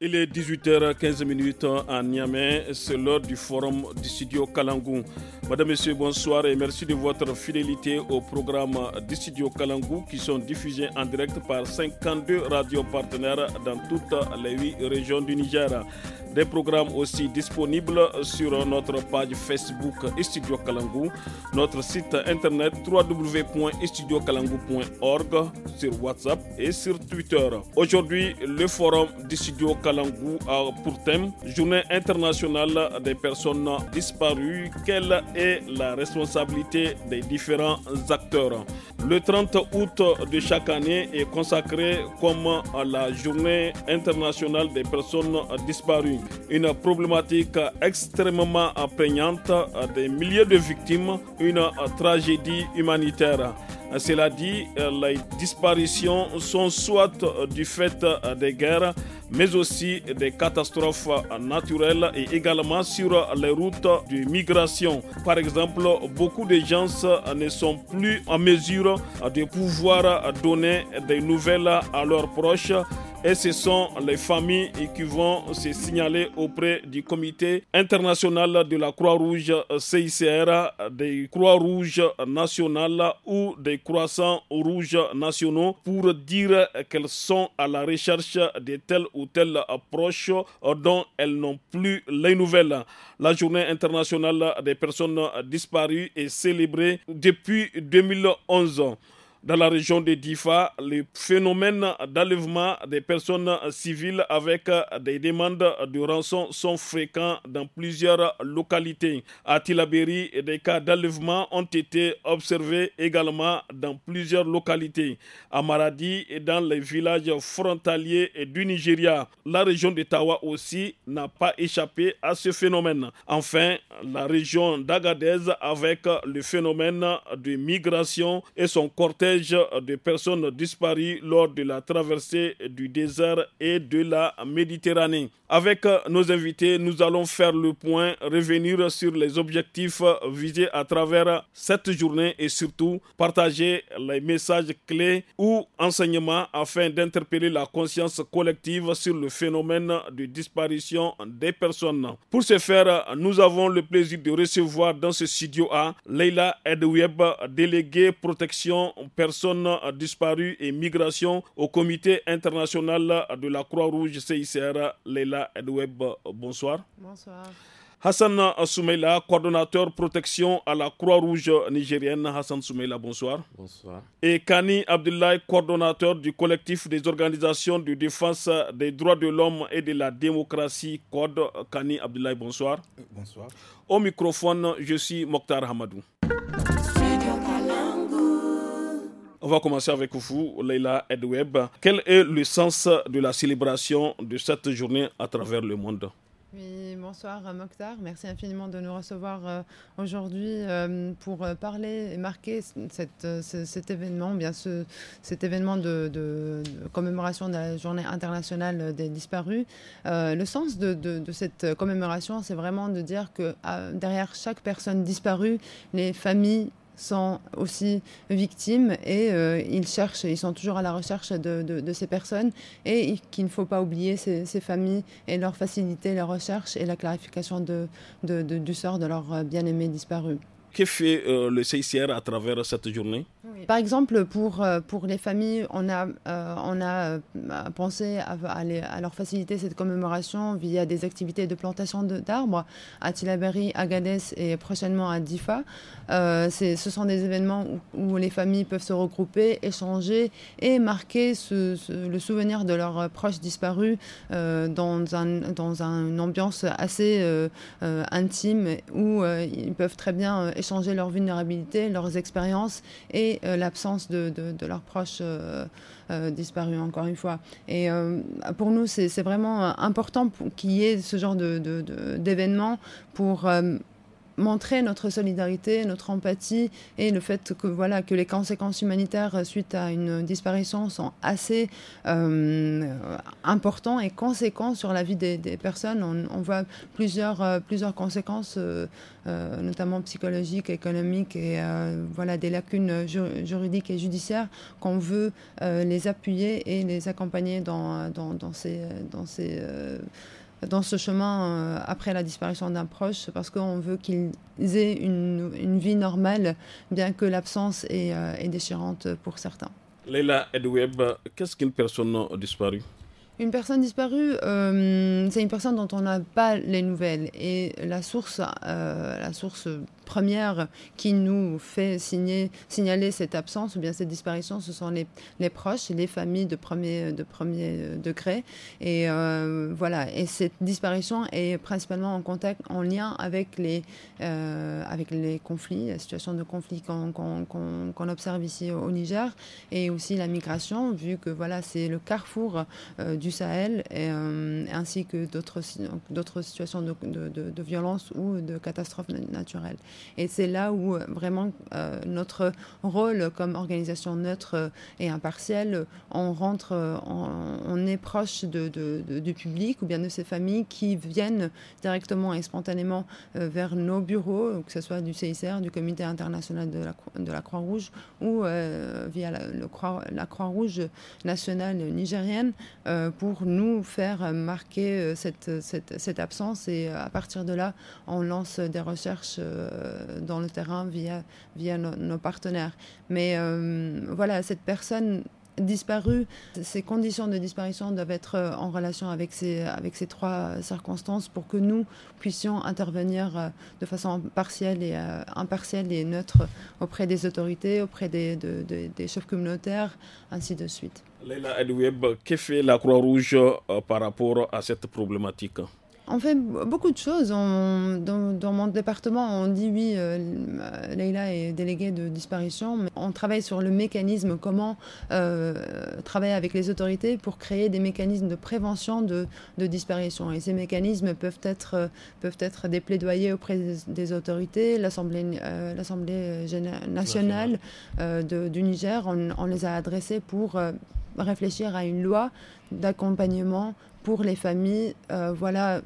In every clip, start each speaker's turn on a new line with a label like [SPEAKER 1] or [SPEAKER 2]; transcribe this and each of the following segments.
[SPEAKER 1] Il est 18h15 à Niamey, c'est l'heure du forum du studio Kalangou. Madame, Monsieur, bonsoir et merci de votre fidélité au programme du studio Kalangou qui sont diffusés en direct par 52 radios partenaires dans toutes les 8 régions du Niger. Des programmes aussi disponibles sur notre page Facebook Studio Kalangou, notre site internet www.studiokalangou.org, sur WhatsApp et sur Twitter. Aujourd'hui, le forum du studio Kalangou pour thème Journée internationale des personnes disparues. Quelle est la responsabilité des différents acteurs Le 30 août de chaque année est consacré comme la Journée internationale des personnes disparues. Une problématique extrêmement prégnante des milliers de victimes, une tragédie humanitaire. Euh, cela dit, euh, les disparitions sont soit euh, du fait des guerres, mais aussi des catastrophes naturelles et également sur les routes de migration. Par exemple, beaucoup de gens ne sont plus en mesure de pouvoir donner des nouvelles à leurs proches et ce sont les familles qui vont se signaler auprès du comité international de la Croix-Rouge CICR, des Croix-Rouges nationales ou des Croissants Rouges nationaux pour dire qu'elles sont à la recherche de telle ou telle approche dont elles n'ont plus les nouvelles. La journée internationale des personnes disparues est célébrée depuis 2011. Dans la région de Difa, les phénomènes d'enlèvement des personnes civiles avec des demandes de rançon sont fréquents dans plusieurs localités. À Tilaberi, des cas d'enlèvement ont été observés également dans plusieurs localités. À Maradi et dans les villages frontaliers du Nigeria, la région de Tawa aussi n'a pas échappé à ce phénomène. Enfin, la région d'Agadez avec le phénomène de migration et son cortège des de personnes disparues lors de la traversée du désert et de la Méditerranée. Avec nos invités, nous allons faire le point, revenir sur les objectifs visés à travers cette journée et surtout partager les messages clés ou enseignements afin d'interpeller la conscience collective sur le phénomène de disparition des personnes. Pour ce faire, nous avons le plaisir de recevoir dans ce studio A Leila Edweb, déléguée protection personnes euh, disparues et migration au Comité international de la Croix-Rouge CICR, Leila Edweb. Euh, bonsoir. Bonsoir. Hassan euh, Soumeila, coordonnateur protection à la Croix-Rouge nigérienne. Hassan Soumeila, bonsoir. Bonsoir. Et Kani Abdoulaye, coordonnateur du collectif des organisations de défense des droits de l'homme et de la démocratie, CODE. Kani Abdoulaye, bonsoir. Bonsoir. Au microphone, je suis Mokhtar Hamadou. On va commencer avec vous, Leila Edweb. Quel est le sens de la célébration de cette journée à travers le monde
[SPEAKER 2] oui, bonsoir Mokhtar. Merci infiniment de nous recevoir euh, aujourd'hui euh, pour euh, parler et marquer cet événement, bien ce, cet événement de, commémoration de la Journée internationale des disparus. le sens de, de cette commémoration, c'est vraiment de dire que derrière chaque personne disparue, les familles sont aussi victimes et euh, ils cherchent, ils sont toujours à la recherche de, ces personnes et qu'il ne faut pas oublier ces, familles et leur faciliter la recherche et la clarification de, du sort de leurs bien-aimés disparus
[SPEAKER 1] que fait euh, le CICR à travers cette journée
[SPEAKER 2] Par exemple, pour, euh, pour les familles, on a, euh, on a pensé à, à, leur faciliter cette commémoration via des activités de plantation d'arbres à Tilaberi, Gades et prochainement à Difa. Euh, ce sont des événements où, les familles peuvent se regrouper, échanger et marquer le souvenir de leurs proches disparus dans, un, dans une ambiance assez intime où ils peuvent très bien échanger changer leur vulnérabilité, leurs expériences et euh, l'absence de, de, leurs proches euh, euh, disparus, encore une fois. Et pour nous, c'est vraiment important qu'il y ait ce genre d'événement de, pour montrer notre solidarité, notre empathie et le fait que voilà que les conséquences humanitaires euh, suite à une disparition sont assez euh, importantes et conséquentes sur la vie des, personnes. On, voit plusieurs euh, plusieurs conséquences, euh, notamment psychologiques, économiques et voilà des lacunes juridiques et judiciaires qu'on veut les appuyer et les accompagner dans, dans ces dans ces dans ce chemin euh, après la disparition d'un proche parce qu'on veut qu'ils aient une, une, vie normale, bien que l'absence est, euh, déchirante pour certains.
[SPEAKER 1] Leila Edweb, qu'est-ce qu'une personne disparue
[SPEAKER 2] une personne disparue, euh, c'est une personne dont on n'a pas les nouvelles. Et la source, la source première qui nous fait signer, signaler cette absence ou bien cette disparition, ce sont les, proches, les familles de premier, de premier degré. Et euh, voilà. Et cette disparition est principalement en contact, en lien avec les, euh, avec les conflits, la situation de conflit qu'on observe ici au Niger, et aussi la migration, vu que voilà, c'est le carrefour euh, du Sahel, ainsi que d'autres situations de, de violence ou de catastrophes naturelles. Et c'est là où euh, vraiment euh, notre rôle comme organisation neutre euh, et impartielle, on rentre, on, est proche du public ou bien de ces familles qui viennent directement et spontanément vers nos bureaux, que ce soit du CICR, du Comité international de la, de la Croix-Rouge ou via la, Croix, Croix-Rouge nationale nigérienne pour nous faire marquer cette, cette, cette, absence. Et à partir de là, on lance des recherches euh, dans le terrain via, via nos partenaires. Mais euh, voilà, cette personne disparue, ces conditions de disparition doivent être euh, en relation avec ces, avec ces trois circonstances pour que nous puissions intervenir de façon partielle et impartielle et neutre auprès des autorités, auprès des, chefs communautaires, ainsi de suite.
[SPEAKER 1] Leila ce que fait la Croix-Rouge par rapport à cette problématique
[SPEAKER 2] on fait beaucoup de choses. dans, mon département, on dit oui, Leila euh, euh, Leïla est déléguée de disparition, on travaille sur le mécanisme, comment euh, travailler avec les autorités pour créer des mécanismes de prévention de, disparition. Et ces mécanismes peuvent être, peuvent être des plaidoyers auprès des, autorités. L'Assemblée nationale du Niger, on, les a adressés pour réfléchir à une loi d'accompagnement pour les familles, euh, voilà,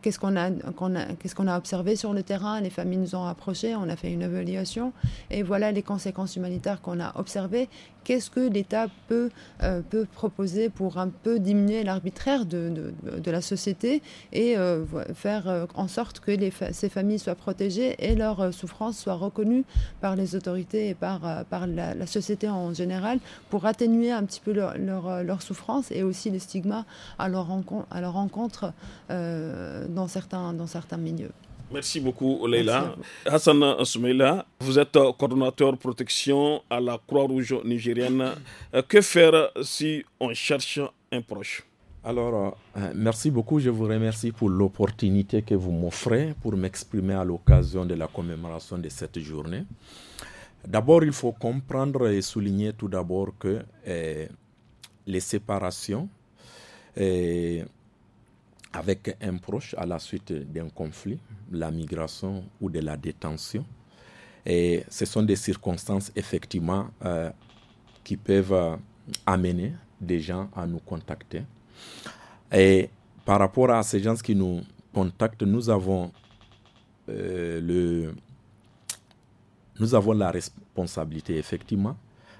[SPEAKER 2] qu'est-ce qu'on a, qu'on a, qu'est-ce qu'on a observé sur le terrain. Les familles nous ont approchés, on a fait une évaluation, et voilà les conséquences humanitaires qu'on a observées. Qu'est-ce que l'État peut, euh, peut proposer pour un peu diminuer l'arbitraire de, de, la société et euh, faire en sorte que les ces familles soient protégées et leur souffrance soit reconnue par les autorités et par, par la, société en général pour atténuer un petit peu leur, leur, souffrance et aussi le stigma à leur à la rencontre euh, dans, certains, dans certains milieux.
[SPEAKER 1] Merci beaucoup, Leila. Hassan Soumeila, vous êtes coordonnateur protection à la Croix-Rouge nigérienne. Euh, que faire si on cherche un proche Alors,
[SPEAKER 3] euh, merci beaucoup. Je vous remercie pour l'opportunité que vous m'offrez pour m'exprimer à l'occasion de la commémoration de cette journée. D'abord, il faut comprendre et souligner tout d'abord que les séparations avec un proche à la suite d'un conflit, la migration ou de la détention. Et ce sont des circonstances effectivement euh, qui peuvent euh, amener des gens à nous contacter. Et par rapport à ces gens qui nous contactent, nous avons, euh, le, nous avons la responsabilité effectivement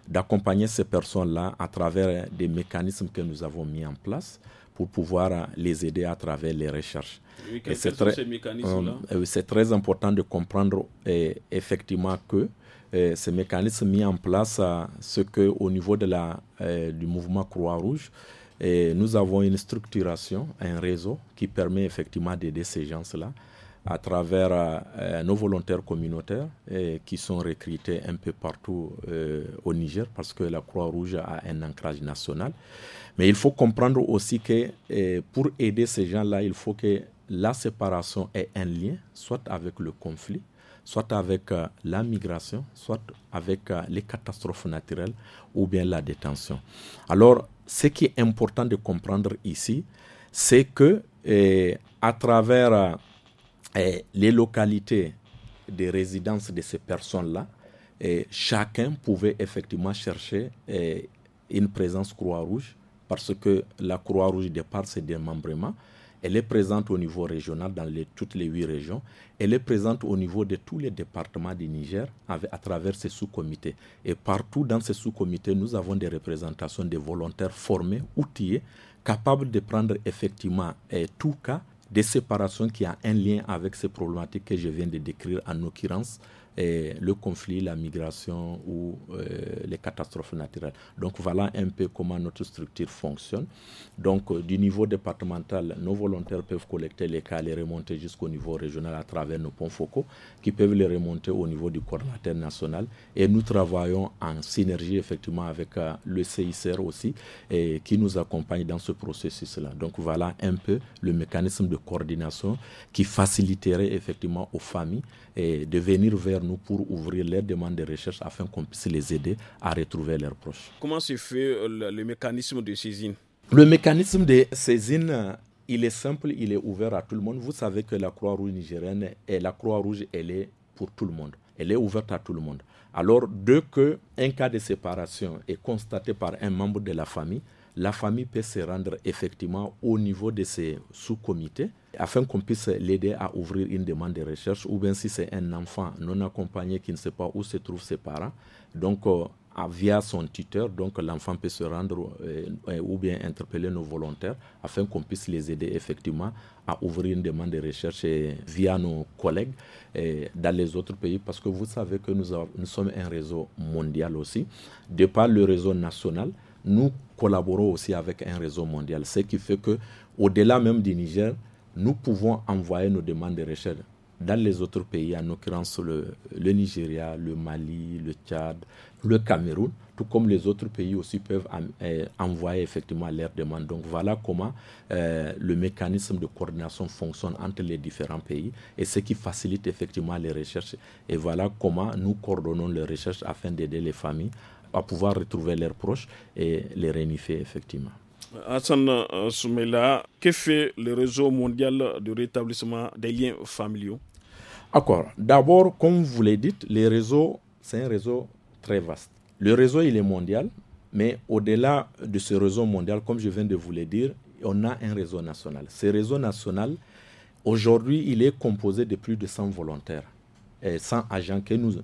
[SPEAKER 3] d'accompagner ces personnes-là à travers des mécanismes que nous avons mis en place pour pouvoir les aider à travers les recherches. Et c'est très, là euh, euh, C'est très important de comprendre eh, effectivement que eh, ces mécanismes mis en place, euh, ce que au niveau de la, eh, du mouvement Croix-Rouge, nous avons une structuration, un réseau qui permet effectivement d'aider ces gens-là à travers euh, euh, nos volontaires communautaires qui sont recrutés un peu partout euh, au Niger parce que la Croix-Rouge a un ancrage national. Mais il faut comprendre aussi que pour aider ces gens-là, il faut que la séparation ait un lien, soit avec le conflit, soit avec la migration, soit avec les catastrophes naturelles ou bien la détention. Alors, ce qui est important de comprendre ici, c'est que à travers eh, les localités de résidence de ces personnes-là, eh, chacun pouvait effectivement chercher eh, une présence Croix-Rouge parce que la Croix-Rouge départ ses démembrements. Elle est présente au niveau régional dans toutes les huit régions. Elle est présente au niveau de tous les départements du Niger avec, à travers ses sous-comités. Et partout dans ces sous-comités, nous avons des représentations des volontaires formés, outillés, capables de prendre effectivement tout cas des séparations qui a un lien avec ces problématiques que je viens de décrire en l'occurrence le conflit, la migration ou euh, les catastrophes naturelles. Donc voilà un peu comment notre structure fonctionne. Donc euh, du niveau départemental, nos volontaires peuvent collecter les cas, les remonter jusqu'au niveau régional à travers nos ponts focaux, qui peuvent les remonter au niveau du coordinateur national. Et nous travaillons en synergie effectivement avec euh, le CICR aussi, et qui nous accompagne dans ce processus-là. Donc voilà un peu le mécanisme de coordination qui faciliterait effectivement aux familles et de venir vers nous pour ouvrir les demandes de recherche afin qu'on puisse les aider à retrouver leurs proches.
[SPEAKER 1] Comment se fait euh, le, mécanisme de saisine
[SPEAKER 3] Le mécanisme de saisine, il est simple, il est ouvert à tout le monde. Vous savez que la Croix-Rouge nigérienne et la Croix-Rouge, elle est pour tout le monde. Elle est ouverte à tout le monde. Alors, dès un cas de séparation est constaté par un membre de la famille, la famille peut se rendre effectivement au niveau de ses sous-comités afin qu'on puisse l'aider à ouvrir une demande de recherche ou bien si c'est un enfant non accompagné qui ne sait pas où se trouvent ses parents. Donc, euh, via son tuteur, donc l'enfant peut se rendre euh, ou bien interpeller nos volontaires afin qu'on puisse les aider effectivement à ouvrir une demande de recherche via nos collègues et, dans les autres pays parce que vous savez que nous sommes un réseau mondial aussi. De par le réseau national, nous collaborons aussi avec un réseau mondial, ce qui fait que au-delà même du Niger, nous pouvons envoyer nos demandes de recherche dans les autres pays, en l'occurrence le, Nigeria, le Mali, le Tchad, le Cameroun, tout comme les autres pays aussi peuvent euh, envoyer effectivement leurs demandes. Donc voilà comment euh, le mécanisme de coordination fonctionne entre les différents pays et ce qui facilite effectivement les recherches. Et voilà comment nous coordonnons les recherches afin d'aider les familles à pouvoir retrouver leurs proches et les réunifier effectivement.
[SPEAKER 1] Hassan euh, Soumela, que fait le réseau mondial de rétablissement des liens familiaux
[SPEAKER 3] D'abord, comme vous l'avez dit, le réseau, c'est un réseau très vaste. Le réseau, il est mondial, mais au-delà de ce réseau mondial, comme je viens de vous le dire, on a un réseau national. Ce réseau national, aujourd'hui, il est composé de plus de 100 volontaires, et 100 agents que nous,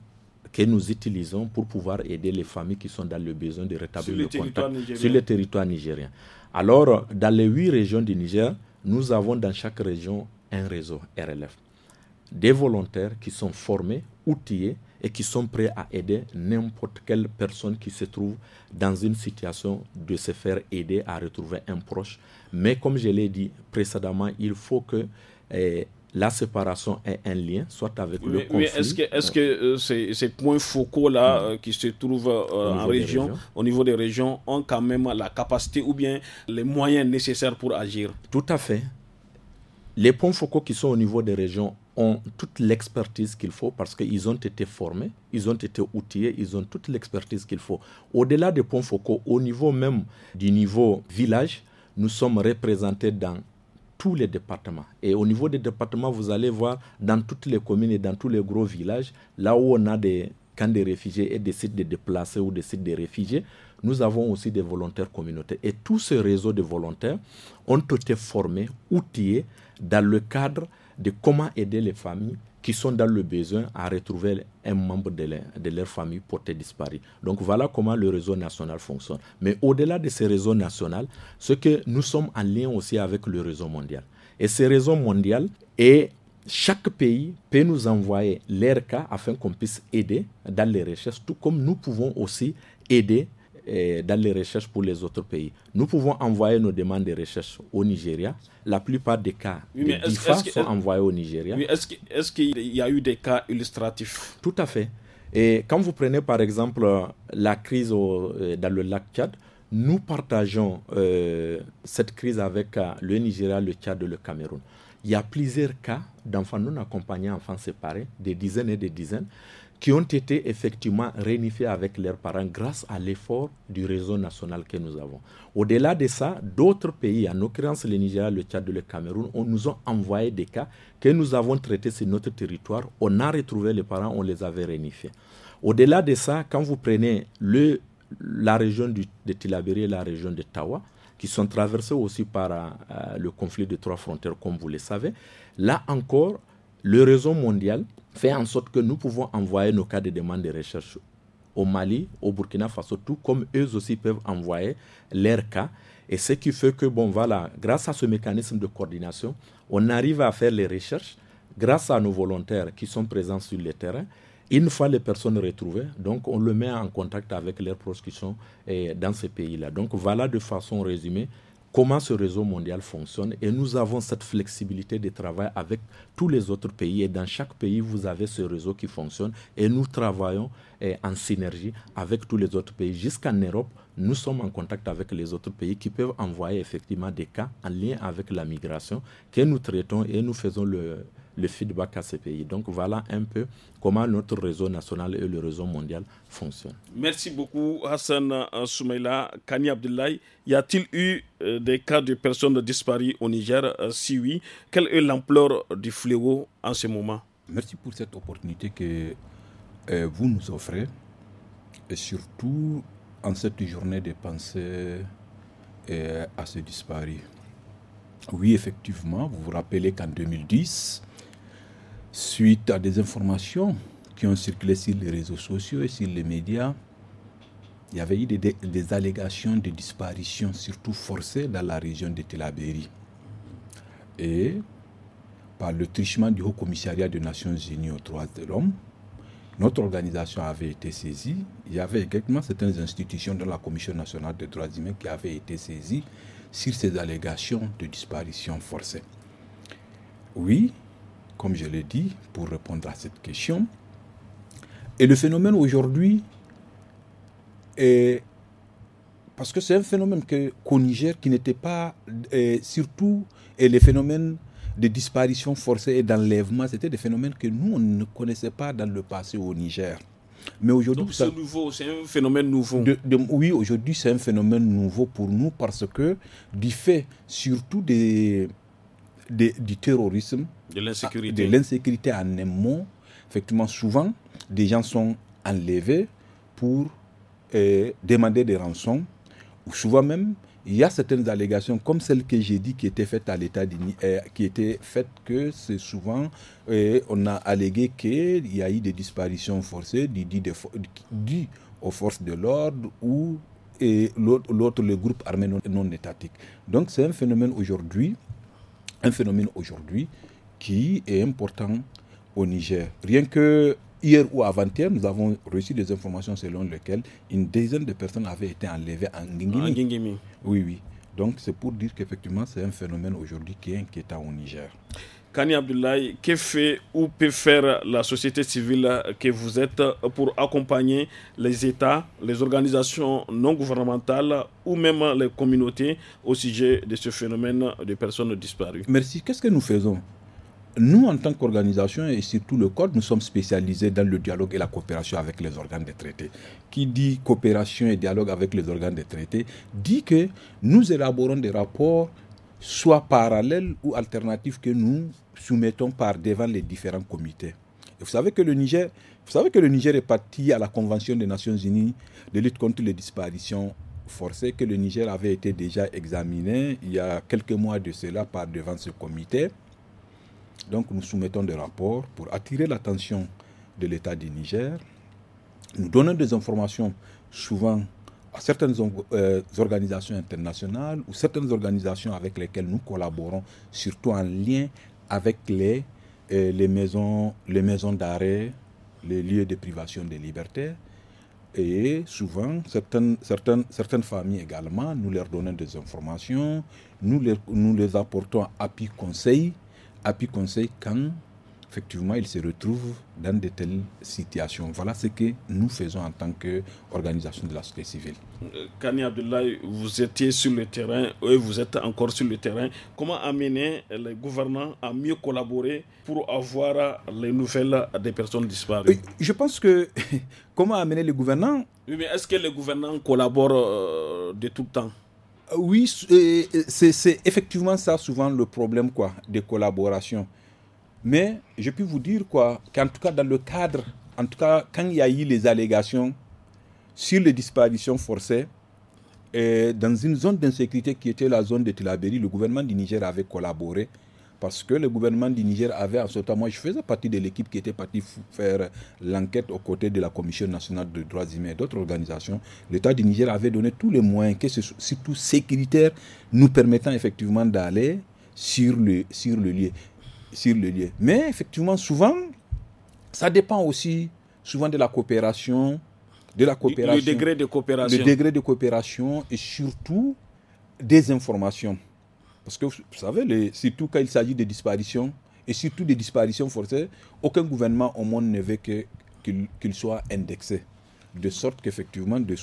[SPEAKER 3] que nous utilisons pour pouvoir aider les familles qui sont dans le besoin de rétablir le contact sur le territoire nigérien. Alors, dans les huit régions du Niger, nous avons dans chaque région un réseau RLF. Des volontaires qui sont formés, outillés et qui sont prêts à aider n'importe quelle personne qui se trouve dans une situation de se faire aider à retrouver un proche. Mais comme je l'ai dit précédemment, il faut que eh, la séparation est un lien, soit avec le conflit. Est-ce que, est -ce
[SPEAKER 1] euh, que euh, ces, points focaux là hmm. euh, qui se trouvent en région, au niveau des régions, ont quand même la capacité ou bien les moyens nécessaires pour agir
[SPEAKER 3] Tout à fait. Les points focaux qui sont au niveau des régions ont toute l'expertise qu'il faut parce qu'ils ont été formés, ils ont été outillés, ils ont toute l'expertise qu'il faut. Au-delà des points focaux, au niveau même du niveau village, nous sommes représentés dans tous les départements. Et au niveau des départements, vous allez voir dans toutes les communes et dans tous les gros villages, là où on a des camps de réfugiés et des sites de déplacés ou des sites de réfugiés, nous avons aussi des volontaires communautaires. Et tout ce réseau de volontaires ont été formés, outillés dans le cadre de comment aider les familles qui sont dans le besoin à retrouver un membre de leur, de leur famille porté disparu. Donc voilà comment le réseau national fonctionne. Mais au-delà de ce réseau national, ce que nous sommes en lien aussi avec le réseau mondial. Et ce réseau mondial, et chaque pays peut nous envoyer leur cas afin qu'on puisse aider dans les recherches, tout comme nous pouvons aussi aider dans les recherches pour les autres pays. Nous pouvons envoyer nos demandes de recherche au Nigeria. La plupart des cas oui, de DIFA sont envoyés au Nigeria.
[SPEAKER 1] est-ce,
[SPEAKER 3] qu'il y a eu des cas illustratifs Tout à fait. Et quand vous prenez par exemple la crise euh, dans le lac Tchad, nous partageons euh, cette crise avec euh, le Nigeria, le Tchad et le Cameroun. Il y a plusieurs cas d'enfants non accompagnés, enfants séparés, des dizaines et des dizaines qui ont été effectivement réunifiés avec leurs parents grâce à l'effort du réseau national que nous avons. Au-delà de ça, d'autres pays, en l'occurrence le Nigeria, le Tchad, le Cameroun, on nous ont envoyé des cas que nous avons traités sur notre territoire. On a retrouvé les parents, on les avait réunifiés. Au-delà de ça, quand vous prenez la région de Tilaberi et la région de Tawa, qui sont traversés aussi par euh, le conflit de trois frontières, comme vous le savez, là encore, le réseau mondial fait en sorte que nous pouvons envoyer nos cas de demande de recherche au Mali, au Burkina Faso, tout comme eux aussi peuvent envoyer leurs cas. Et ce qui fait que, bon, voilà, grâce à ce mécanisme de coordination, on arrive à faire les recherches grâce à nos volontaires qui sont présents sur le terrain. Une fois les personnes retrouvées, donc on le met en contact avec leurs proches qui sont eh, dans ces pays-là. Donc voilà de façon résumée comment ce réseau mondial fonctionne et nous avons cette flexibilité de travail avec tous les autres pays et dans chaque pays vous avez ce réseau qui fonctionne et nous travaillons eh, en synergie avec tous les autres pays jusqu'en Europe nous sommes en contact avec les autres pays qui peuvent envoyer effectivement des cas en lien avec la migration que nous traitons et nous faisons le, le feedback à ces pays. Donc voilà un peu comment notre réseau national et le réseau mondial fonctionnent.
[SPEAKER 1] Merci beaucoup Hassan Soumaïla. Kani Abdoulaye, y a-t-il eu euh, des cas de personnes disparues au Niger euh, Si oui, quelle est l'ampleur du fléau en ce moment
[SPEAKER 4] Merci pour cette opportunité que euh, vous nous offrez et surtout en cette journée de pensée à ce disparus. Oui, effectivement, vous vous rappelez qu'en 2010, suite à des informations qui ont circulé sur les réseaux sociaux et sur les médias, il y avait eu des, allégations de disparition, surtout forcées, dans la région de Telabéry. Et par le trichement du Haut Commissariat des Nations Unies aux droits de l'homme, notre organisation avait été saisie. Il y avait également certaines institutions de la Commission nationale des droits humains qui avaient été saisies sur ces allégations de disparition forcées. Oui, comme je l'ai dit, pour répondre à cette question. Et le phénomène aujourd'hui est. Parce que c'est un phénomène qu'au Niger qui n'était pas. surtout, et les phénomènes de disparition forcée et d'enlèvement, c'était des phénomènes que nous, on ne connaissait pas dans le passé au Niger. Mais aujourd'hui, c'est nouveau, c'est un phénomène nouveau. oui, aujourd'hui, c'est un phénomène nouveau pour nous parce que du fait surtout du terrorisme,
[SPEAKER 1] de l'insécurité. Ah, de
[SPEAKER 4] l'insécurité en un mot. Effectivement, souvent, des gens sont enlevés pour euh, demander des rançons. Ou souvent même, il y a certaines allégations, comme celle que j'ai dit qui était faites à l'État euh, qui était faites que c'est souvent, euh, on a allégué qu'il y a eu des disparitions forcées, dues aux forces de l'ordre ou et l'autre le groupe armé non étatique. Donc c'est un phénomène aujourd'hui, un phénomène aujourd'hui qui est important au Niger. Rien que hier ou avant-hier, nous avons reçu des informations selon lesquelles une dizaine de personnes avaient été enlevées en Guingimi. Oui, oui. Donc c'est pour dire qu'effectivement, c'est un phénomène aujourd'hui qui est inquiétant au
[SPEAKER 1] Niger. Kani Abdoulaye, que fait ou peut faire la société civile que vous êtes pour accompagner les États, les organisations non gouvernementales ou même les communautés au sujet de ce phénomène de personnes disparues
[SPEAKER 4] Merci. Qu'est-ce que nous faisons nous, en tant qu'organisation et surtout le Code, nous sommes spécialisés dans le dialogue et la coopération avec les organes des traités. Qui dit coopération et dialogue avec les organes des traités dit que nous élaborons des rapports soit parallèles ou alternatifs que nous soumettons par devant les différents comités. vous savez que le Niger, vous savez que le Niger est parti à la Convention des Nations Unies de lutte contre les disparitions forcées, que le Niger avait été déjà examiné il y a quelques mois de cela par devant ce comité. Donc nous soumettons des rapports pour attirer l'attention de l'État du Niger. Nous donnons des informations souvent à certaines euh, organisations internationales ou certaines organisations avec lesquelles nous collaborons, surtout en lien avec les, euh, les maisons, les maisons d'arrêt, les lieux de privation de liberté. Et souvent, certaines, certaines, certaines familles également, nous leur donnons des informations, nous, les, nous les apportons appui conseil appui conseil quand effectivement il se retrouve dans de telles situations. Voilà ce que nous faisons en tant qu'organisation
[SPEAKER 1] de la société civile. Euh, Kani Abdoulaye, vous étiez sur le terrain et vous êtes encore sur le terrain. Comment amener les gouvernants à mieux collaborer pour avoir les nouvelles des personnes disparues euh, Je pense que comment amener les gouvernants Oui, mais est-ce que les gouvernants collaborent euh, de tout le temps oui, c'est
[SPEAKER 4] effectivement ça souvent le problème quoi, des collaborations. Mais je peux vous dire quoi, qu'en tout cas dans le cadre, en tout cas quand il y a eu les allégations sur les disparitions forcées, dans une zone d'insécurité qui était la zone de Tilaberi, le gouvernement du Niger avait collaboré parce que le gouvernement du Niger avait en ce temps, moi je faisais partie de l'équipe qui était partie faire l'enquête aux côtés de la Commission nationale des droits humains et d'autres organisations, l'État du Niger avait donné tous les moyens, que ce, surtout sécuritaires, nous permettant effectivement d'aller sur le, sur, le lieu, sur le lieu. Mais effectivement, souvent, ça dépend aussi souvent de la coopération, de la coopération, le degré de coopération, le degré de coopération et surtout des informations. Parce que vous savez, surtout quand il s'agit de disparitions, et surtout des disparitions forcées, aucun gouvernement au monde ne veut qu'il soit indexé. De sorte qu'effectivement, de,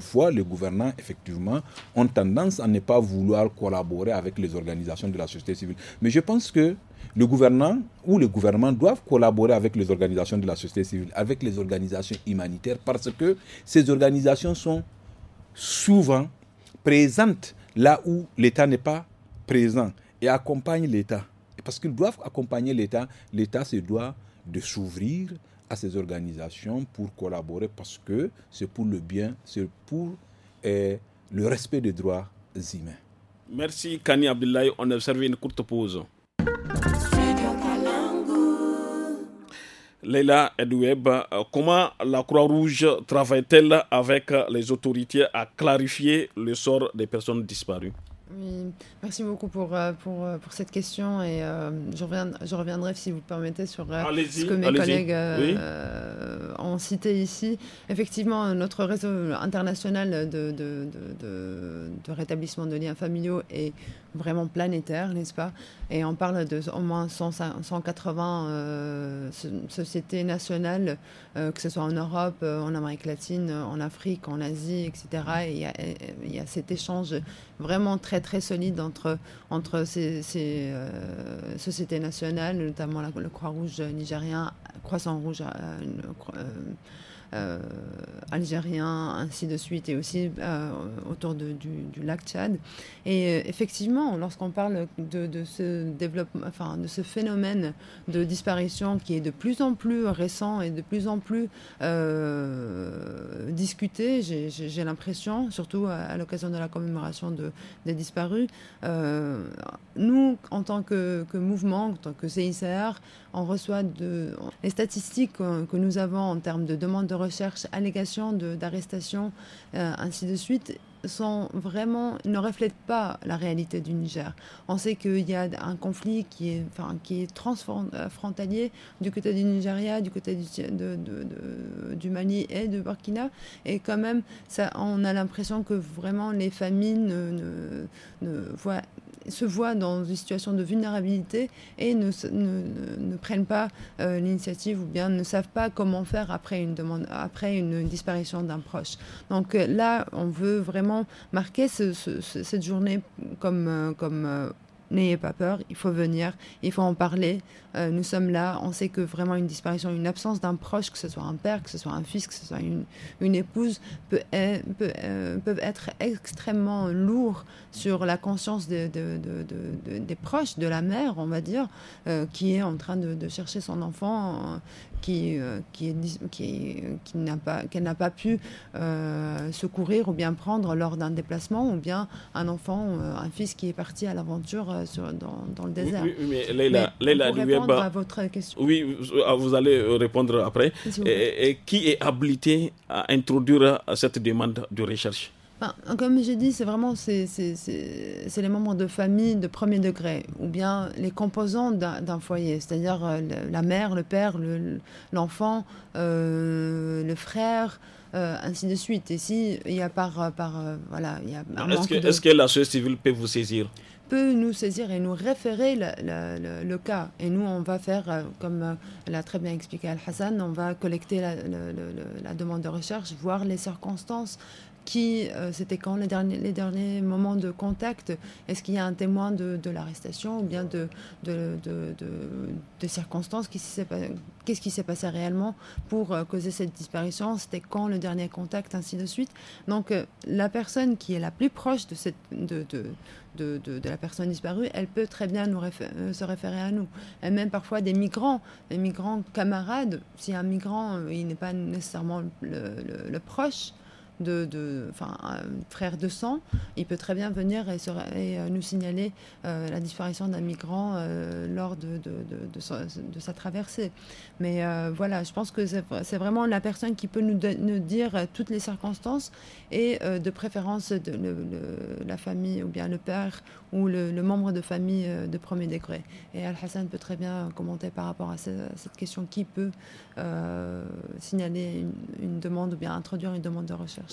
[SPEAKER 4] fois, les gouvernants, effectivement, ont tendance à ne pas vouloir collaborer avec les organisations de la société civile. Mais je pense que le gouvernant ou le gouvernement doivent collaborer avec les organisations de la société civile, avec les organisations humanitaires, parce que ces organisations sont souvent présentes là où l'État n'est pas présent et accompagne l'État. Parce qu'ils doivent accompagner l'État. L'État se doit de s'ouvrir à ces organisations pour collaborer parce que c'est pour le bien, c'est pour eh, le respect des droits
[SPEAKER 1] humains. Merci Kani Abdullahi, On a observé une courte pause. Leila Edoueb, comment la Croix-Rouge travaille-t-elle avec les autorités à clarifier le sort des personnes disparues
[SPEAKER 2] oui, merci beaucoup pour, euh, pour, euh, pour cette question et euh, je, reviendrai, si vous permettez, sur ce que mes collègues ont cité ici. Effectivement, notre réseau international de, de, de, de rétablissement de liens familiaux est vraiment planétaire, n'est-ce pas Et on parle de au moins 180 euh, sociétés nationales, euh, que ce soit en Europe, euh, en Amérique latine, en Afrique, en Asie, etc. Et il y a, y a cet échange vraiment très très solide entre, entre ces, ces sociétés nationales, notamment la, le Croix-Rouge nigérien, Croissant-Rouge euh, algériens, ainsi de suite, et aussi euh, autour du, lac Tchad. Et euh, effectivement, lorsqu'on parle de, ce développement, enfin, de ce phénomène de disparition qui est de plus en plus récent et de plus en plus discuté, j'ai l'impression, surtout à, l'occasion de la commémoration des disparus, nous, en tant que, que mouvement, en tant que CICR, on reçoit de, statistiques que, nous avons en termes de demandes de recherche, allégations d'arrestations, euh, ainsi de suite sont vraiment ne reflètent pas la réalité du Niger. On sait qu'il y a un conflit qui est, enfin, qui est transfrontalier du côté du Nigeria, du côté du, Mali et de Burkina. Et quand même, ça, on a l'impression que vraiment les famines ne, ne, ne voient se voient dans une situation de vulnérabilité et ne, ne, ne prennent pas euh, l'initiative ou bien ne savent pas comment faire après une demande, après une, disparition d'un proche. Donc euh, là, on veut vraiment marquer cette journée comme, euh, comme n'ayez pas peur, il faut venir, il faut en parler, euh, nous sommes là, on sait que vraiment une disparition, une absence d'un proche, que ce soit un père, que ce soit un fils, que ce soit une, une épouse, peut, peut, euh, peuvent être extrêmement lourds sur la conscience de, de, de, des proches, de la mère, on va dire, euh, qui est en train de, chercher son enfant, qui, qui, est, qui, qui n'a pas, qu'elle n'a pas pu secourir ou bien prendre lors d'un déplacement, ou bien un enfant, un fils qui est parti à l'aventure dans, dans, le désert. mais bah, à votre question.
[SPEAKER 1] Oui, vous ah, allez euh, répondre après. et, qui est habilité à introduire euh, cette demande de recherche
[SPEAKER 2] bah, comme j'ai dit, c'est vraiment c'est, les membres de famille de premier degré ou bien les composants d'un, foyer, c'est-à-dire euh, la mère, le père, l'enfant, le, le frère, ainsi de suite. Et il a par, par voilà, il y a est-ce, que,
[SPEAKER 1] que, la société civile peut vous saisir
[SPEAKER 2] peut nous saisir et nous référer le, cas. Et nous, on va faire, euh, comme euh, l'a très bien expliqué Al-Hassan, on va collecter la, la, demande de recherche, voir les circonstances, qui, euh, c'était quand les derniers, les derniers moments de contact Est-ce qu'il y a un témoin de, de l'arrestation ou bien de, de, de, de circonstances Qu'est-ce qui s'est passé réellement pour euh, causer cette disparition C'était quand le dernier contact Ainsi de suite. Donc, euh, la personne qui est la plus proche de, cette, de, la personne disparue, elle peut très bien nous se référer à nous. Et même parfois des migrants, des migrants camarades. Si un migrant, il n'est pas nécessairement le, le proche, de, frère de sang, il peut très bien venir et, euh, nous signaler euh, la disparition d'un migrant euh, lors de, sa, traversée. Mais voilà, je pense que c'est vraiment la personne qui peut nous, dire toutes les circonstances et de préférence la famille ou bien le père ou le, membre de famille de premier degré. Et Al-Hassan peut très bien commenter par rapport à, cette question qui peut signaler une demande ou bien introduire une demande de recherche.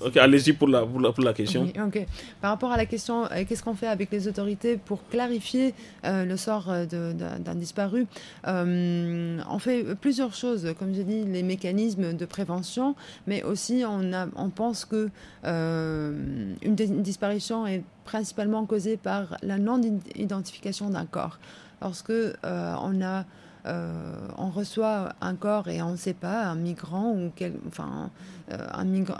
[SPEAKER 2] Ok,
[SPEAKER 1] allez-y pour la, la, question.
[SPEAKER 2] Par rapport à la question, euh, qu'est-ce qu'on fait avec les autorités pour clarifier euh, le sort euh, d'un disparu On fait plusieurs choses, comme j'ai dit, les mécanismes de prévention, mais aussi on, a, on pense que une, disparition est principalement causée par la non-identification d'un corps. Lorsque on a on reçoit un corps et on ne sait pas, un migrant ou quel, enfin, euh,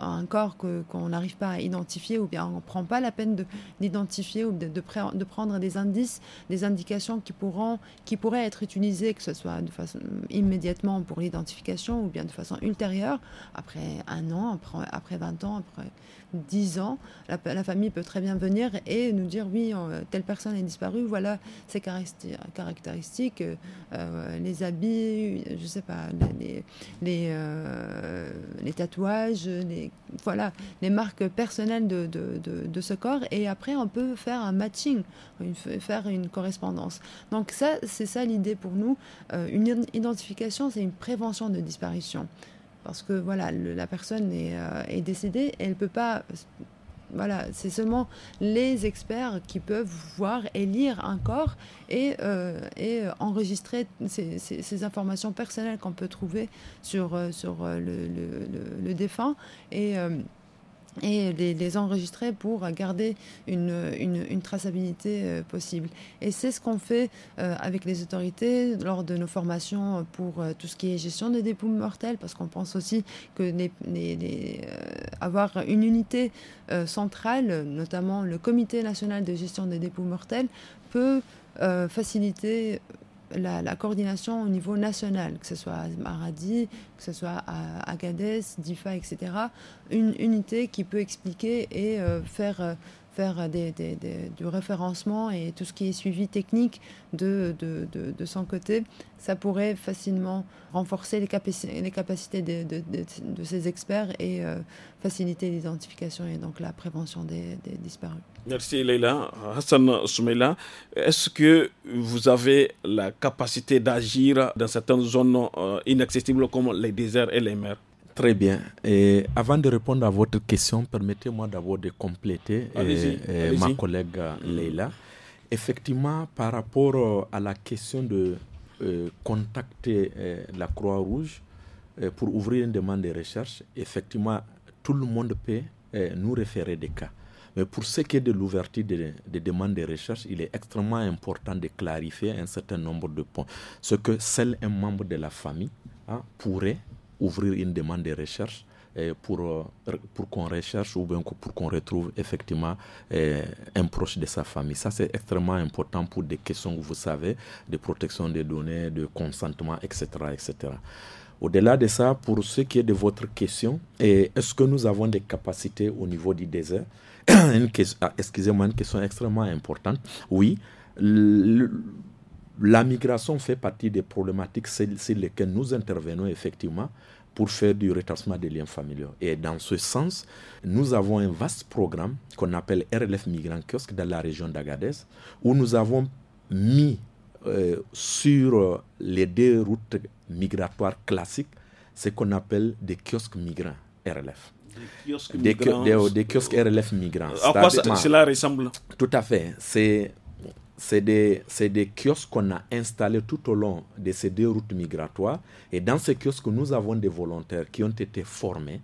[SPEAKER 2] un, corps qu'on n'arrive pas à identifier ou bien on ne prend pas la peine d'identifier ou de, prendre des indices, des indications qui, pourront, qui pourraient être utilisées, que ce soit de façon immédiatement pour l'identification ou bien de façon ultérieure, après un an, après, après 20 ans, après 10 ans, la, famille peut très bien venir et nous dire oui, telle personne est disparue, voilà ses caractéristiques, euh, euh, les habits, je sais pas, les, les tatouages les, voilà, les marques personnelles de, ce corps. Et après, on peut faire un matching, faire une correspondance. Donc ça, c'est ça l'idée pour nous. Euh, une identification, c'est une prévention de disparition. Parce que voilà, la personne est, euh, est décédée, elle ne peut pas voilà, c'est seulement les experts qui peuvent voir et lire un corps et, euh, et euh, enregistrer ces, informations personnelles qu'on peut trouver sur, euh, sur le, défunt. Et et les, enregistrer pour garder une, une, traçabilité euh, possible. Et c'est ce qu'on fait euh, avec les autorités lors de nos formations pour euh, tout ce qui est gestion des dépôts mortels, parce qu'on pense aussi que avoir une unité centrale, notamment le Comité national de gestion des dépôts mortels, peut faciliter la, coordination au niveau national, que ce soit à Maradi, que ce soit à Agadez, DIFA, etc. Une unité qui peut expliquer et euh, faire euh, faire des, du référencement et tout ce qui est suivi technique de, de, de, son côté, ça pourrait facilement renforcer les, les capacités de, ces experts et euh, faciliter l'identification et donc la prévention des, disparus.
[SPEAKER 1] Merci Leila. Hassan Soumela, est-ce que vous avez la capacité d'agir dans certaines zones euh, inaccessibles comme les déserts et les mers
[SPEAKER 3] Très bien. Et avant de répondre à votre question, permettez-moi d'abord de compléter eh, eh, ma
[SPEAKER 1] collègue euh, mm. Leila.
[SPEAKER 3] Effectivement, par rapport euh, à la question de euh, contacter eh, la Croix-Rouge pour ouvrir une demande de recherche, effectivement, tout le monde peut nous référer des cas. Mais pour ce qui est de l'ouverture des, demandes de recherche, il est extrêmement important de clarifier un certain nombre de points. Ce que seul un membre de la famille hein, pourrait ouvrir une demande de recherche eh, pour, euh, pour qu'on recherche ou bien pour qu'on retrouve effectivement eh, un proche de sa famille. Ça, c'est extrêmement important pour des questions, vous savez, de protection des données, de consentement, etc. etc. Au-delà de ça, pour ce qui est de votre question, eh, est-ce que nous avons des capacités au niveau du désert ah, Excusez-moi, une question extrêmement importante. Oui. la migration fait partie des problématiques sur lesquelles nous intervenons effectivement pour faire du rétablissement des liens familiaux. Et dans ce sens, nous avons un vaste programme qu'on appelle RLF Migrant Kiosque dans la région d'Agadez, où nous avons mis euh, sur euh, les deux routes migratoires classiques ce qu'on appelle des kiosques migrants RLF. Des kiosques, migrants. des kiosques RLF migrants. À quoi cela ressemble Tout à fait. C'est c'est des, kiosques qu'on a installés tout au long de ces deux routes migratoires. Et dans ces kiosques, nous avons des volontaires qui ont été formés,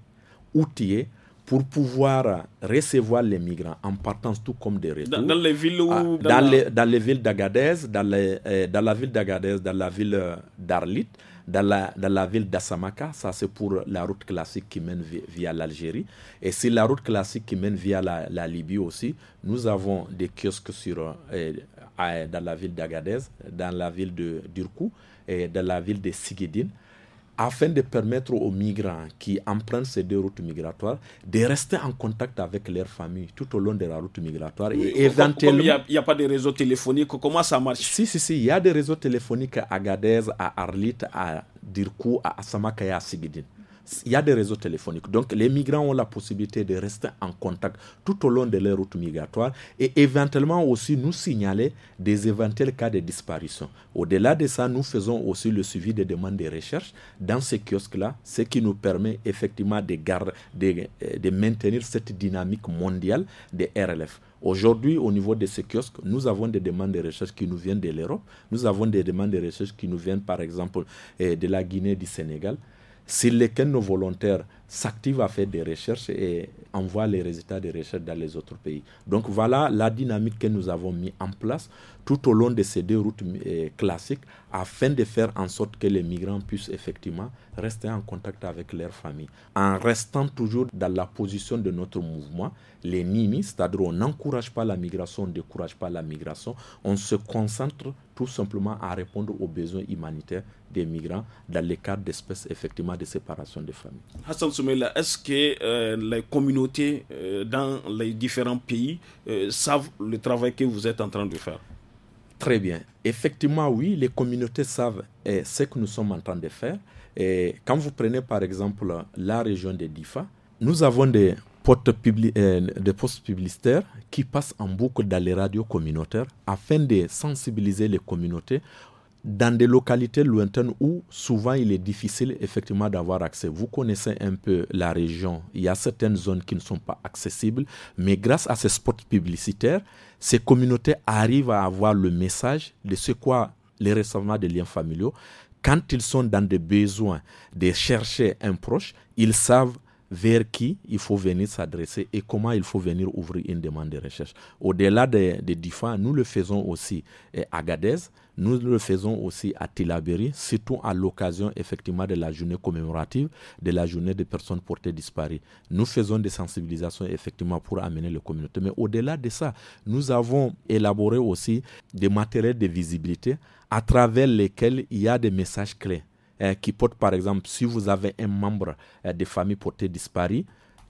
[SPEAKER 3] outillés, pour pouvoir recevoir les migrants en partant tout comme des retours. Dans, les villes ah, dans, les, dans, les, villes d'Agadez, euh, dans, la ville d'Agadez, dans la ville euh, d'Arlit, dans la, dans la, ville d'Assamaka, ça c'est pour la route classique qui mène via, l'Algérie. Et c'est la route classique qui mène via la, Libye aussi. Nous avons des kiosques sur euh, dans la ville d'Agadez, dans la ville de d'Urkou et dans la ville de Sigidine afin de permettre aux migrants qui empruntent ces deux routes migratoires de rester en contact avec leurs familles tout au long de la route migratoire. et éventuellement, il n'y a, pas de réseau téléphonique, comment ça marche Si, si, si, il y a des réseaux téléphoniques à Agadez, à Arlit, à Dirkou, à Asamaka et à Sigidine il y a des réseaux téléphoniques. Donc les migrants ont la possibilité de rester en contact tout au long de leur route migratoire et éventuellement aussi nous signaler des éventuels cas de disparition. Au-delà de ça, nous faisons aussi le suivi des demandes de recherche dans ces kiosques-là, ce qui nous permet effectivement de, garder, de, euh, de maintenir cette dynamique mondiale des RLF. Aujourd'hui, au niveau de ces kiosques nous avons des demandes de recherche qui nous viennent de l'Europe. Nous avons des demandes de recherche qui nous viennent, par exemple, euh, de la Guinée, du Sénégal c'est lesquels nos volontaires s'active à faire des recherches et envoie les résultats des recherches dans les autres pays. Donc voilà la dynamique que nous avons mis en place tout au long de ces deux routes euh, classiques afin de faire en sorte que les migrants puissent effectivement rester en contact avec leurs familles, En restant toujours dans la position de notre mouvement, les NIMI, c'est-à-dire on n'encourage pas la migration, on ne décourage pas la migration, on se concentre tout simplement à répondre aux besoins humanitaires des migrants dans les cadre d'espèces effectivement de séparation des familles
[SPEAKER 1] mais est-ce que euh, les communautés euh, dans les différents pays euh, savent le travail que vous êtes en train de faire
[SPEAKER 3] Très bien. Effectivement, oui, les communautés savent eh, ce que nous sommes en train de faire. Et quand vous prenez par exemple la région de Difa, nous avons des, des postes publicitaires qui passent en boucle dans les radios communautaires afin de sensibiliser les communautés dans des localités lointaines où souvent il est difficile effectivement d'avoir accès. Vous connaissez un peu la région, il y a certaines zones qui ne sont pas accessibles, mais grâce à ces spots publicitaires, ces communautés arrivent à avoir le message de ce qu'est le resserrement des liens familiaux. Quand ils sont dans des besoins de chercher un proche, ils savent vers qui il faut venir s'adresser et comment il faut venir ouvrir une demande de recherche. Au-delà des, différents, nous le faisons aussi à Gadez, nous le faisons aussi à Tilaberi, surtout à l'occasion effectivement de la journée commémorative de la journée des personnes portées disparues. Nous faisons des sensibilisations effectivement pour amener les communautés. Mais au-delà de ça, nous avons élaboré aussi des matériels de visibilité à travers lesquels il y a des messages clés eh, qui portent par exemple si vous avez un membre eh, des de famille porté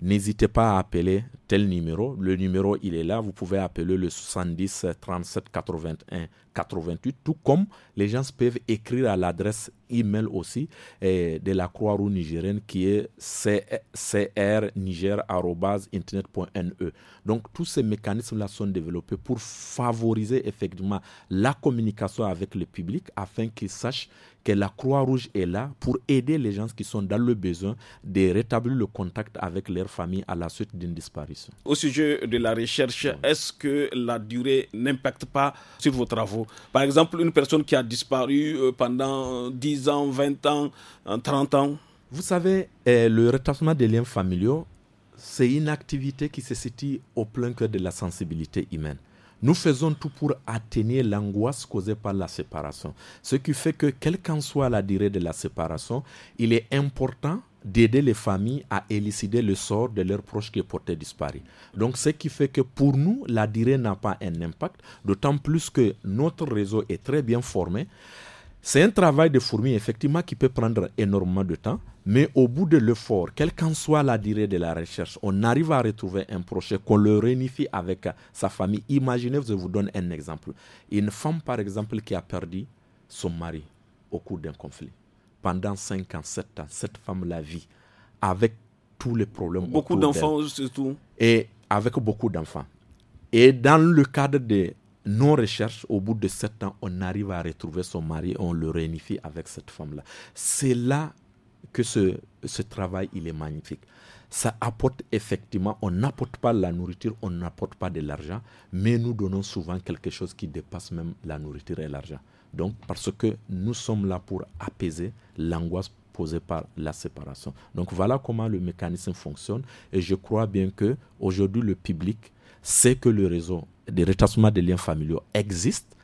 [SPEAKER 3] n'hésitez pas à appeler tel numéro. Le numéro, il est là. Vous pouvez appeler le 70 37 81 88, tout comme les gens peuvent écrire à l'adresse email aussi eh, de la Croix-Rouge nigérienne qui est internet.ne Donc tous ces mécanismes-là sont développés pour favoriser effectivement la communication avec le public afin qu'ils sachent que la Croix-Rouge est là pour aider les gens qui sont dans le besoin de rétablir le contact avec leur famille à la suite d'une
[SPEAKER 1] disparition. Au sujet de la recherche, est-ce que la durée n'impacte pas sur vos travaux Par exemple, une personne qui a disparu euh, pendant 10 ans, 20 ans, 30 euh, ans Vous savez,
[SPEAKER 3] eh, le rétablissement des liens familiaux, c'est une activité qui se situe au plein cœur de la sensibilité humaine. Nous faisons tout pour atténuer l'angoisse causée par la séparation. Ce qui fait que, quelle qu'en soit la durée de la séparation, il est important d'aider les familles à élucider le sort de leurs proches qui portaient disparu. Donc ce qui fait que pour nous, la durée n'a pas un impact, d'autant plus que notre réseau est très bien formé. C'est un travail de fourmi, effectivement, qui peut prendre énormément de temps, mais au bout de l'effort, quelle qu'en soit la durée de la recherche, on arrive à retrouver un proche, qu'on le réunifie avec sa famille. Imaginez, je vous donne un exemple. Une femme, par exemple, qui a perdu son mari au cours d'un conflit pendant 5 ans, 7 ans, cette femme la vit avec tous les problèmes. Beaucoup d'enfants, surtout. Et avec beaucoup d'enfants. Et dans le cadre de nos recherches, au bout de 7 ans, on arrive à retrouver son mari on le réunifie avec cette femme-là. C'est là que ce, ce travail, il est magnifique. Ça apporte effectivement, on n'apporte pas la nourriture, on n'apporte pas de l'argent, mais nous donnons souvent quelque chose qui dépasse même la nourriture et l'argent. Donc, parce que nous sommes là pour apaiser l'angoisse posée par la séparation. Donc, voilà comment le mécanisme fonctionne. Et je crois bien que aujourd'hui, le public sait que le réseau de retracement des liens familiaux existe.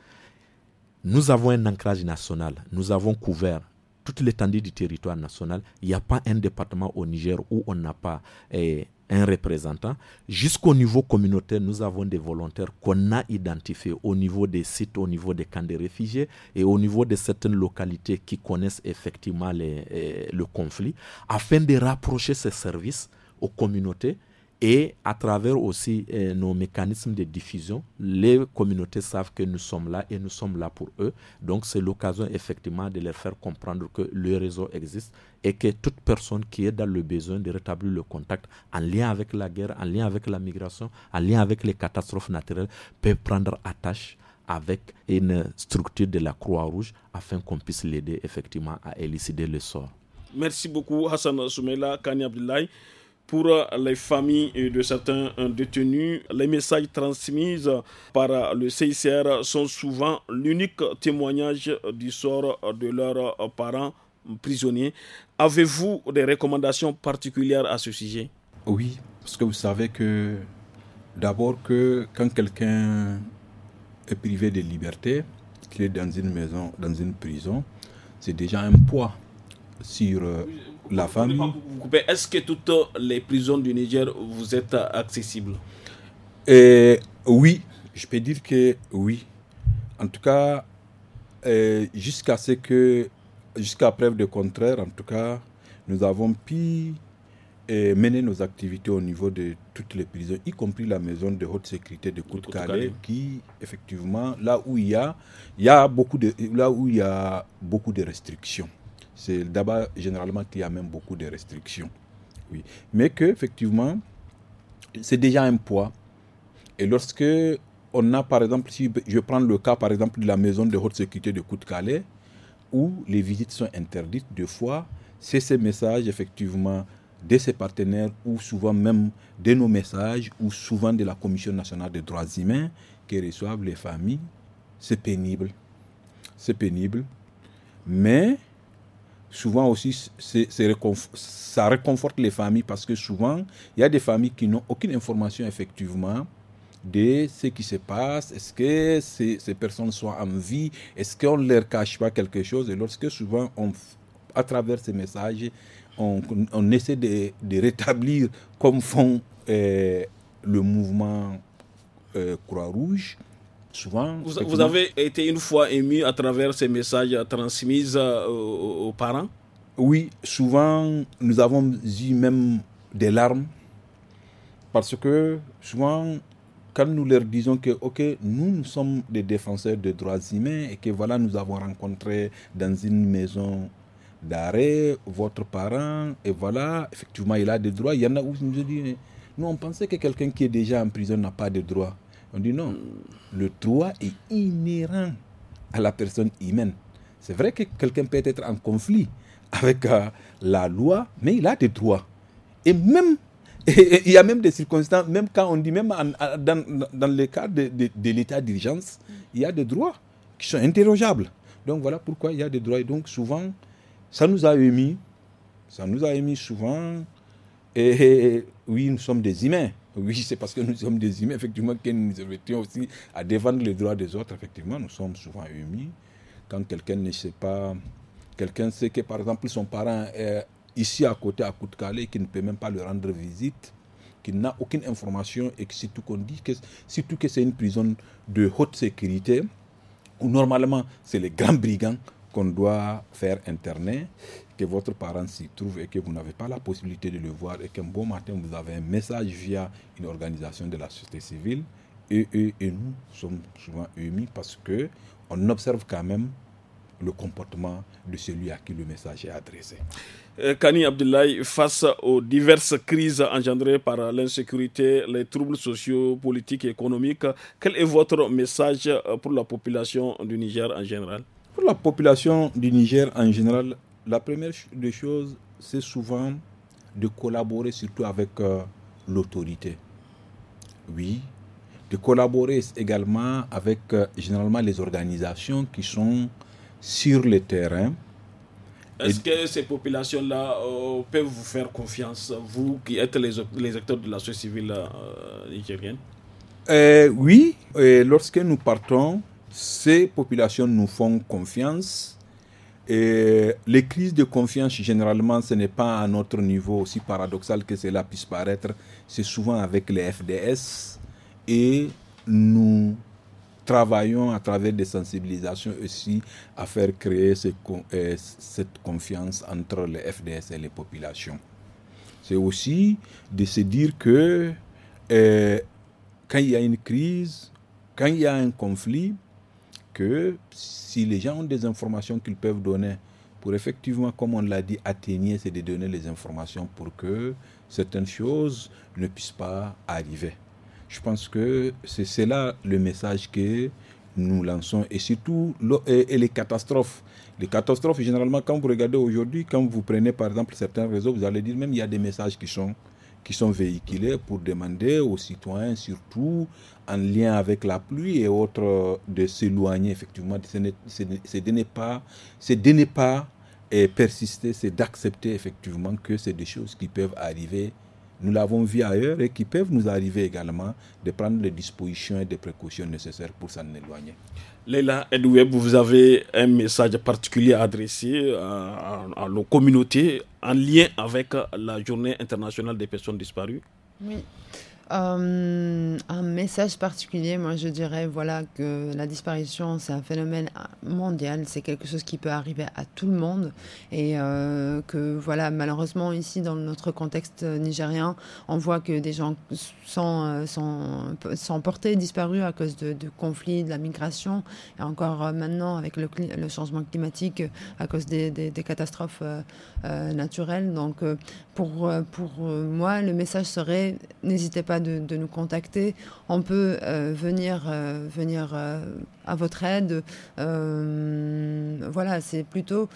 [SPEAKER 3] Nous avons un ancrage national. Nous avons couvert toute l'étendue du territoire national. Il n'y a pas un département au Niger où on n'a pas eh, un représentant. Jusqu'au niveau communautaire, nous avons des volontaires qu'on a identifiés au niveau des sites, au niveau des camps de réfugiés et au niveau de certaines localités qui connaissent effectivement les, eh, le conflit, afin de rapprocher ces services aux communautés et à travers aussi eh, nos mécanismes de diffusion, les communautés savent que nous sommes là et nous sommes là pour eux. Donc c'est l'occasion effectivement de leur faire comprendre que le réseau existe et que toute personne qui est dans le besoin de rétablir le contact en lien avec la guerre, en lien avec la migration, en lien avec les catastrophes naturelles, peut prendre attache avec une structure de la Croix-Rouge afin qu'on puisse l'aider effectivement à élucider le sort.
[SPEAKER 1] Merci beaucoup Hassan Soumela Kani Pour euh, les familles de certains euh, détenus, les messages transmis par euh, le CICR sont souvent l'unique témoignage du sort de leurs parents Prisonnier, Avez-vous des recommandations particulières à ce sujet
[SPEAKER 4] Oui, parce que vous savez que d'abord que quand quelqu'un est privé de liberté, qu'il est dans une maison, dans une prison, c'est déjà un poids sur euh, la femme.
[SPEAKER 1] Est-ce que toutes les prisons du Niger vous êtes accessibles
[SPEAKER 4] Et euh, Oui, je peux dire que oui. En tout cas, euh, jusqu'à ce que jusqu'à preuve de contraire, en tout cas, nous avons pu eh, mener nos activités au niveau de toutes les prisons, y compris la maison de haute sécurité de Côte-Calais, qui effectivement, là où il y a, il y a beaucoup de, là où il y a beaucoup de restrictions. C'est d'abord généralement qu'il y a même beaucoup de restrictions, oui. Mais que effectivement, c'est déjà un poids. Et lorsque on a, par exemple, si je prends le cas par exemple de la maison de haute sécurité de Côte-Calais, où les visites sont interdites. Deux fois, c'est ces messages effectivement de ses partenaires ou souvent même de nos messages ou souvent de la Commission nationale des droits humains que reçoivent les familles. C'est pénible. C'est pénible. Mais souvent aussi, ça réconforte les familles parce que souvent, il y a des familles qui n'ont aucune information effectivement de ce qui se passe, est-ce que ces, personnes sont en vie, est-ce qu'on ne leur cache pas quelque chose, et lorsque souvent, on, à travers ces messages, on, on essaie de, de, rétablir comme font euh, le mouvement euh, Croix-Rouge, Souvent, vous, avez
[SPEAKER 1] été une fois ému à travers ces messages transmis euh, aux, parents
[SPEAKER 4] Oui, souvent nous avons eu même des larmes parce que souvent quand nous leur disons que, OK, nous, nous sommes des défenseurs des droits humains et que voilà, nous avons rencontré dans une maison d'arrêt votre parent et voilà, effectivement, il a des droits. Il y en a où nous nous, on pensait que quelqu'un qui est déjà en prison n'a pas de droits. On dit non, le droit est inhérent à la personne humaine. C'est vrai que quelqu'un peut être en conflit avec euh, la loi, mais il a des droits. Et même il y a même des circonstances, même quand on dit, même dans, le cadre de, l'état d'urgence, il y a des droits qui sont interrogeables. Donc voilà pourquoi il y a des droits. Et donc souvent, ça nous a émis, ça nous a émis souvent, et, oui, nous sommes des humains. Oui, c'est parce que nous sommes des humains, effectivement, que nous mettions aussi à défendre les droits des autres. Effectivement, nous sommes souvent émis. Quand quelqu'un ne sait pas, quelqu'un sait que, par exemple, son parent est ici à côté à Côte-Calais, qui ne peut même pas le rendre visite, qui n'a aucune information et que tout qu'on dit que que c'est une prison de haute sécurité où normalement c'est les grands brigands qu'on doit faire interner, que votre parent s'y trouve et que vous n'avez pas la possibilité de le voir et qu'un bon matin vous avez un message via une organisation de la société civile et eux et nous sommes souvent émis parce que on observe quand même le comportement de celui à qui le message est adressé.
[SPEAKER 1] Euh, Kani Abdoulaye, face aux diverses crises engendrées par l'insécurité, les troubles sociaux, politiques et économiques, quel est votre message euh, pour la population du Niger en général
[SPEAKER 4] Pour la population du Niger en général, la première des choses, c'est souvent de collaborer surtout avec euh, l'autorité. Oui, de collaborer également avec généralement les organisations qui sont sur le terrain
[SPEAKER 1] est-ce que ces populations-là euh, peuvent vous faire confiance, vous qui êtes les, acteurs de la société civile euh, nigérienne
[SPEAKER 4] euh, Oui, lorsque nous partons, ces populations nous font confiance. Et les crises de confiance, généralement, ce n'est pas à notre niveau, aussi paradoxal que cela puisse paraître, c'est souvent avec les FDS. Et nous travaillons à travers des sensibilisations aussi à faire créer euh, cette confiance entre les FDS et les populations. C'est aussi de se dire que euh, quand il y a une crise, quand il y a un conflit, que si les gens ont des informations qu'ils peuvent donner, pour effectivement, comme on l'a dit, atteigner, c'est de donner les informations pour que certaines choses ne puissent pas arriver. Je pense que c'est là le message que nous lançons. Et surtout, les catastrophes. Les catastrophes, généralement, quand vous regardez aujourd'hui, quand vous prenez par exemple certains réseaux, vous allez dire même il y a des messages qui sont, qui sont véhiculés pour demander aux citoyens, surtout en lien avec la pluie et autres, euh, de s'éloigner effectivement. C'est de ne pas, ne pas et euh, persister, c'est d'accepter effectivement que c'est des choses qui peuvent arriver nous l'avons vu ailleurs et qui peuvent nous arriver également de prendre les dispositions et des précautions nécessaires pour s'en éloigner.
[SPEAKER 1] Leila Edoueb, vous avez un message particulier adressé à, adresser à euh, nos communautés en lien avec la journée internationale des personnes disparues
[SPEAKER 2] Oui. Euh, un message particulier, moi je dirais voilà que la disparition c'est un phénomène mondial, c'est quelque chose qui peut arriver à tout le monde et euh, que voilà malheureusement ici dans notre contexte nigérien, on voit que des gens sont euh, sont, sont portés disparus à cause de, conflits, de la migration et encore maintenant avec le, le changement climatique à cause des, catastrophes naturelles. Donc pour pour moi le message serait n'hésitez pas de, nous contacter. On peut euh, venir, euh, venir euh, à votre aide. voilà, c'est plutôt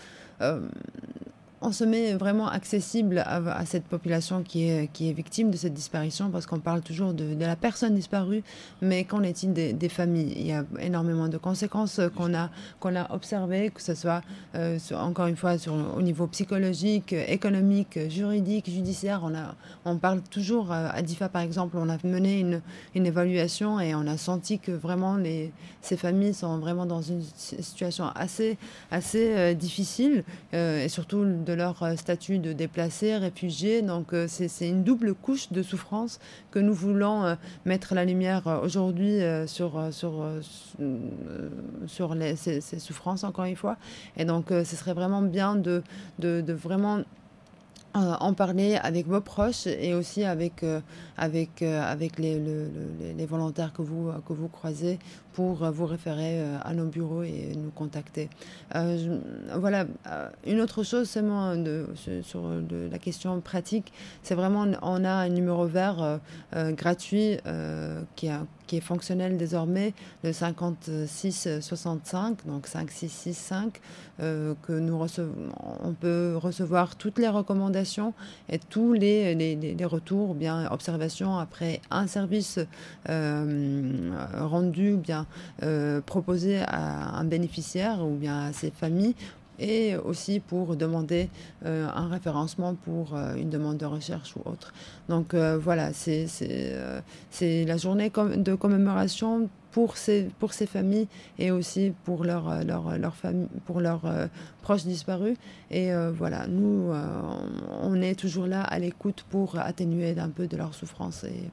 [SPEAKER 2] on se met vraiment accessible à, cette population qui est, qui est victime de cette disparition, parce qu'on parle toujours de, la personne disparue, mais qu'en est-il des, familles Il y a énormément de conséquences qu'on a, qu'on a observées, que ce soit euh, encore une fois sur, au niveau psychologique, économique, juridique, judiciaire. On, a, on parle toujours, euh, à DIFA par exemple, on a mené une, évaluation et on a senti que vraiment les, ces familles sont vraiment dans une situation assez, assez euh, difficile, et surtout de leur euh, statut de déplacés, réfugiés. Donc euh, c'est une double couche de souffrance que nous voulons euh, mettre la lumière aujourd'hui sur, sur, sur les, ces, souffrances, encore une fois. Et donc ce serait vraiment bien de, de vraiment euh, en parler avec vos proches et aussi avec, euh, avec, euh, avec les, les, volontaires que vous, que vous croisez pour vous référer à nos bureaux et nous contacter. voilà, une autre chose seulement de, sur la question pratique, c'est vraiment on a un numéro vert gratuit qui a qui est fonctionnel désormais, le 5665, donc 5665, euh, que nous recevons, on peut recevoir toutes les recommandations et tous les, les, retours, bien observations après un service euh, rendu, bien euh, proposé à un bénéficiaire ou bien à ses familles et aussi pour demander euh, un référencement pour euh, une demande de recherche ou autre. Donc euh, voilà, c'est la journée de commémoration pour ces, pour ces familles et aussi pour leurs leur, pour leurs proches disparus. Et voilà, nous, on est toujours là à l'écoute pour atténuer un peu de leur souffrance et,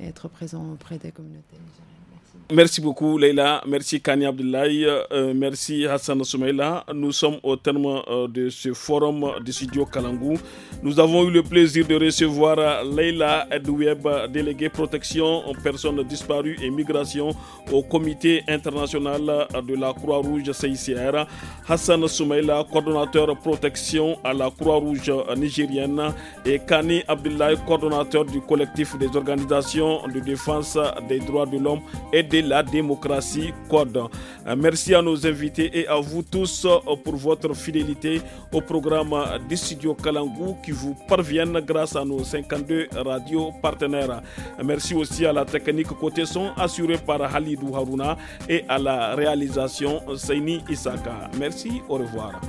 [SPEAKER 2] et être présent auprès des communautés
[SPEAKER 1] Merci beaucoup, Leila. Merci, Kani Abdoulaye. Euh, merci, Hassan Soumaïla. Nous sommes au terme euh, de ce forum de Studio Kalangou. Nous avons eu le plaisir de recevoir euh, Leila Edoueb, déléguée protection aux personnes disparues et migration au Comité international de la Croix-Rouge CICR. Hassan Soumaïla, coordonnateur protection à la Croix-Rouge nigérienne. Et Kani Abdoulaye, coordonnateur du collectif des organisations de défense des droits de l'homme et des la démocratie Code. Euh, merci à nos invités et à vous tous euh, pour votre fidélité au programme du studio Kalangou qui vous parviennent grâce à nos 52 radios partenaires. Merci aussi à la technique côté son assurée par Halidou Harouna et à la réalisation Seini Isaka. Merci, au revoir.